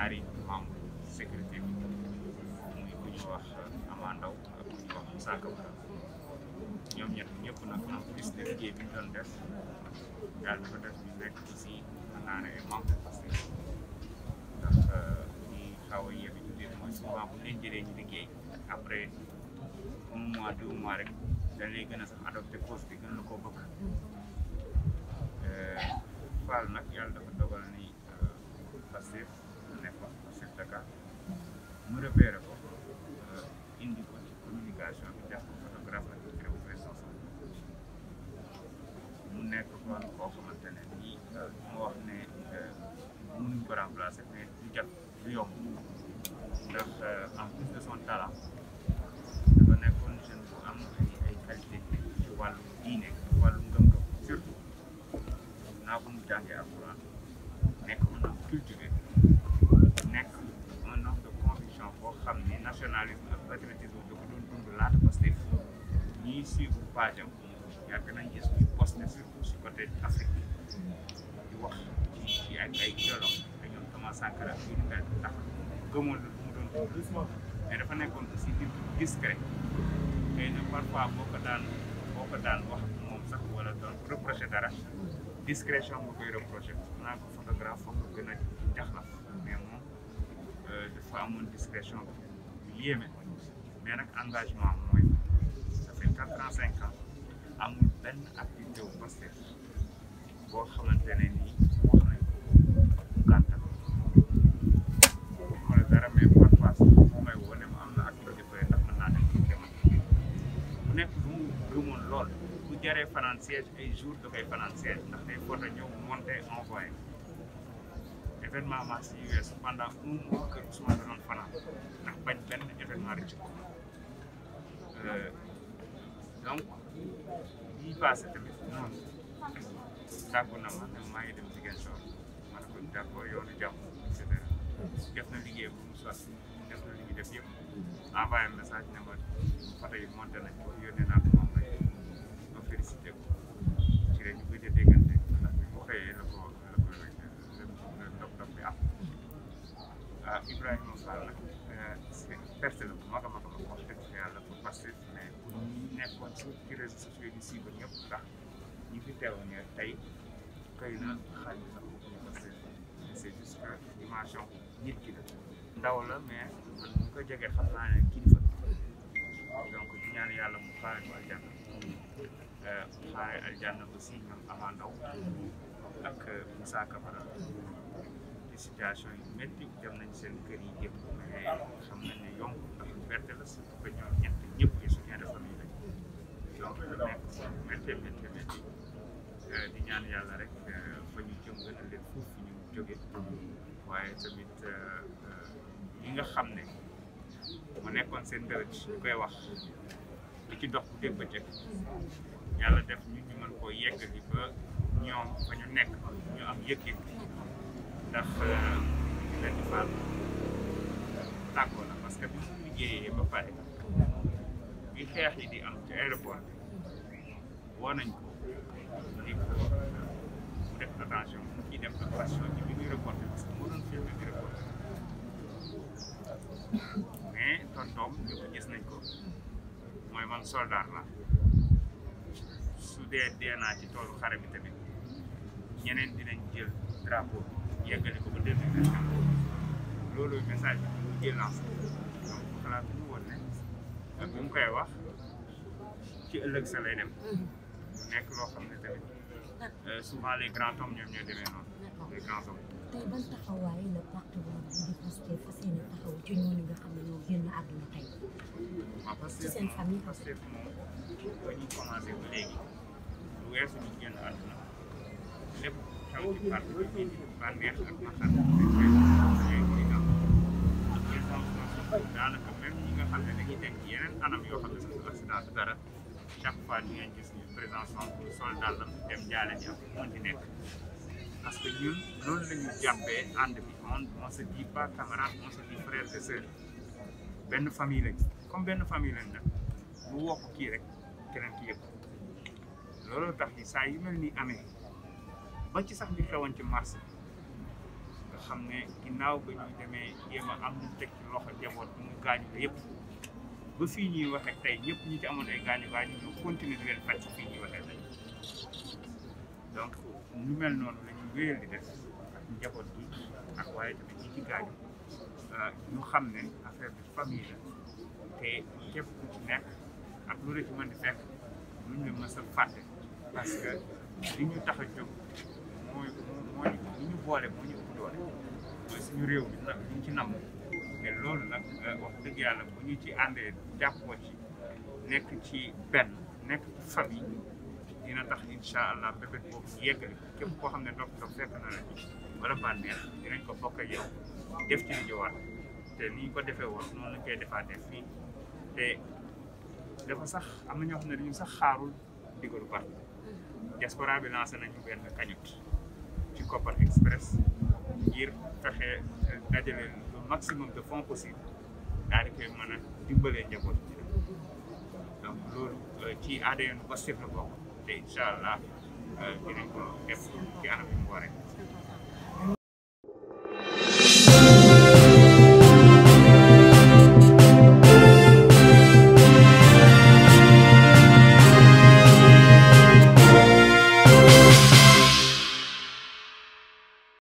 ñaari membre sécurité bi muy ku ñu wax Ama Ndaw ak ku ñu wax Moussa ñoom ñëpp nag en plus liggéey bi doon def yàlla dafa def ñu nekk aussi mën ne ay euh, ñu liggéey après un mois deux rek dañ gën a sax adopté poste bi gën la koo bëgg euh, Fall nag yàlla dafa dogal ni euh, Pastef Dakar mu repéré ko indi ko communication bi def ko photographe ak vidéo présence mu nekk kon koo xamante ne nii mu wax ne mënuñ ko remplacer mais du jot du yomb ndax en plus de son dafa nekkoon jeune bu am nekk mën a cultivé journalisme ak patriotisme da si côté Afrique di wax ci ak ay idéologue ak ñoom nekkoon aussi nit discret xëy na parfois boo ko daan boo ko daan wax moom sax wala doon reproché dara discrétion nga koy reproché naa ko photographe nga gën a jaxla mais moom euh, dafa amoon discrétion yéeme mais nag engagement mooy ça fait quatre ans cinq ans amul benn activité wu Pastef boo xamante ne nii wax nañ dara mais parfois moo may woo ne am na activité bëre ndax mën naa dem ci nekk lu mu gëmoon lool bu jaree fanaan siège ay jour da koy fanaan ndax day photo ñëw monté envoyé événement maa si weesu pendant un mois kër Ousmane fanaan ndax bañ benn événement rëcc ko euh, donc bii passé tamit noonu tàggu na ma ne maa ngi dem Ziguinchor ma ne ko d'accord yoonu jàmm et cetera def na liggéey bu mu sotti na li ñu def yëpp envoyé message ne ma photo yi monté nañ ko yónnee naa nekkoon ci ci réseaux sociaux yi di siiba ñëpp ndax ñi fi teewoon ne tey xëy na xaalis sax bu ñu ko seen c'est juste dimension nit ki la ndaw la mais man bu ko jegee xam naa ne kilifa donc di ñaan yàlla mu xaare ko aljanna mu euh, xaare aljanna aussi ñoom ama ndaw ak euh, Moussa Camara ci situation yi métti dem nañ seen kër yi yëpp mais xam nañ ne jóge waaye tamit yi euh, euh, nga xam ne mu nekkoon seen dërët ñu koy wax li ci dox bu dégg ba jëkk yàlla def ñu ñu koo yegg gi ba ñoom fa ñu nekk ñu am yëg-yëg ndax euh, di faal tàggoo parce que bi ñu liggéeyee ba pare bi xeex yi di am ci aéroport bi woo def attention kii ci bi ñuy reporté parce que moo doon filmé di reporté mais tontoom gis nañ ko mooy man soldat la su dee dee naa ci toolu xare bi tamit ñeneen dinañ jël drapeau yeggali ko ba deux mille vingt loolu message jël lancé donc xalaat ñu woon ne mu koy wax ci ëllëg sa nekk loo xam ne tamit souvent les grands hommes ñoom ñoo demee noonu les grands hommes. tey ban taxawaay la parti di Pastef fas yéene taxaw ci ñooñu nga xam ne ñoo génn àdduna tey. waaw Pastef moom Pastef moom ba ñu commencé ba léegi lu weesu ñu génn àdduna lépp xew ci parti bi ñu bànneex ak naqar ñooy koy dal ñun moom daanaka même ñi nga xam ne dañuy teg yeneen anam yoo xam ne sax accident du dara chaque fois ñu ngeen gis ñu présence sol dàllam dem parce que ñun loolu la ñu jàppee ànd bi on on se dit pas camarade on se dit frères benn famille lañ comme benn famille lañ nag lu wokk kii rek keneen ki yëpp looloo tax ni saa yu mel ni amee ba ci sax li xewoon ci marché nga xam ginnaaw ba demee jéem a am lu teg ci gaañu la yëpp ba fii ñuy waxee tey ñëpp ñi ci amoon ay gaañu gaañu ñu continuer faj fii ñuy waxee tey donc lu mel noonu la ñuy wéyal di def njaboot bi ak waaye tamit ñi ci gaañu ñu xam ne affaire bi famille la te képp ku ci nekk ak lu ci mën di fekk lu ñu mës a fàtte parce que ñu tax a mooy mooy li ñu boole moo ñu ëpp doole mooy suñu réew mi nag ñu ci namm te loolu nag uh, wax dëgg yàlla bu ñu ci àndee jàppoo ci nekk ci benn nekk ci famille dina tax incha allah bébét boobu ñu yeggali képp koo xam ne ndox ndox fekk na la ci wala bànneex dinañ ko bokk ak yow def ci li ñu te ni ñu ko defee woon noonu lañ koy defaatee fii te dafa sax am na ñoo xam ne dañu sax xaarul digalu parti diaspora bi lancé nañu benn cagnotte ci Kopar Express ngir fexe eh, dajale le maximum de fonds possible daal di koy mën a dimbalee njaboot donc loolu euh, ci ADN Pastef la bokk te incha allah dinañ ko def